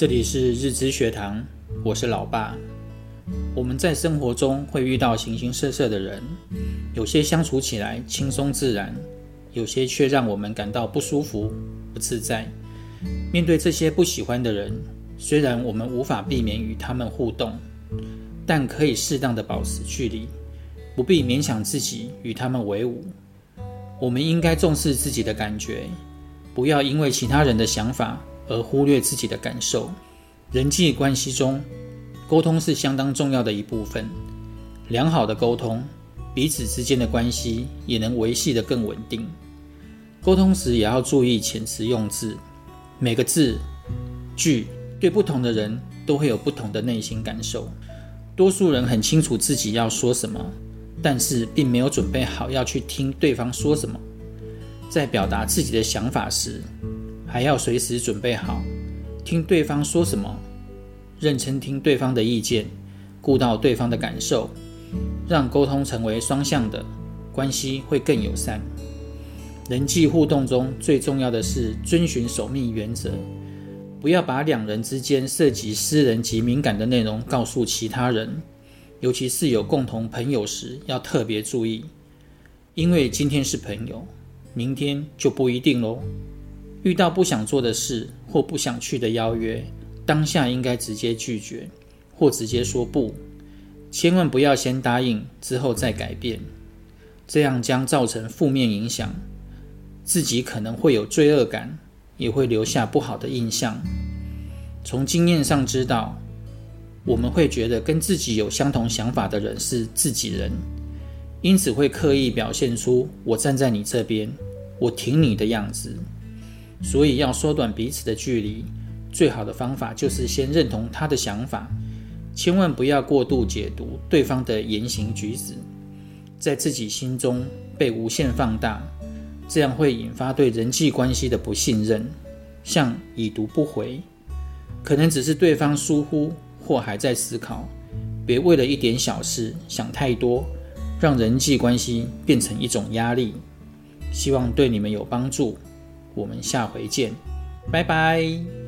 這裡是日之學堂，我是老爸。我們在生活中會遇到形形色色的人，有些相處起來輕鬆自然，有些卻讓我們感到不舒服、不自在。面對這些不喜歡的人，雖然我們無法避免與他們互動，但可以適當的保持距離，不必勉強自己與他們為伍。我們應該重視自己的感覺，不要因為其他人的想法，而忽略自己的感受，人際關係中，溝通是相當重要的一部分。良好的溝通，彼此之間的關係也能維繫得更穩定。溝通時也要注意遣詞用字，每個字句對不同的人都會有不同的內心感受。多數人很清楚自己要說什麼，但是並沒有準備好要去聽對方說什麼。在表達自己的想法時，還要隨時準備好，聽對方說什麼，認真聽對方的意見，顧到對方的感受，讓溝通成為雙向的，關係會更友善。人際互動中最重要的是遵循守密原則，不要把兩人之間涉及私人及敏感的內容告訴其他人，尤其是有共同朋友時要特別注意，因為今天是朋友，明天就不一定嘍。遇到不想做的事或不想去的邀約，當下應該直接拒絕，或直接說不，千萬不要先答應之後再改變，這樣將造成負面影響，自己可能會有罪惡感，也會留下不好的印象。從經驗上知道，我們會覺得跟自己有相同想法的人是自己人，因此會刻意表現出“我站在你這邊，我挺你的樣子”。所以要縮短彼此的距離，最好的方法就是先認同他的想法，千萬不要過度解讀對方的言行舉止，在自己心中被無限放大，這樣會引發對人際關係的不信任，像已讀不回，可能只是對方疏忽或還在思考，別為了一點小事想太多，讓人際關係變成一種壓力。希望對你們有幫助。我們下回見，拜拜。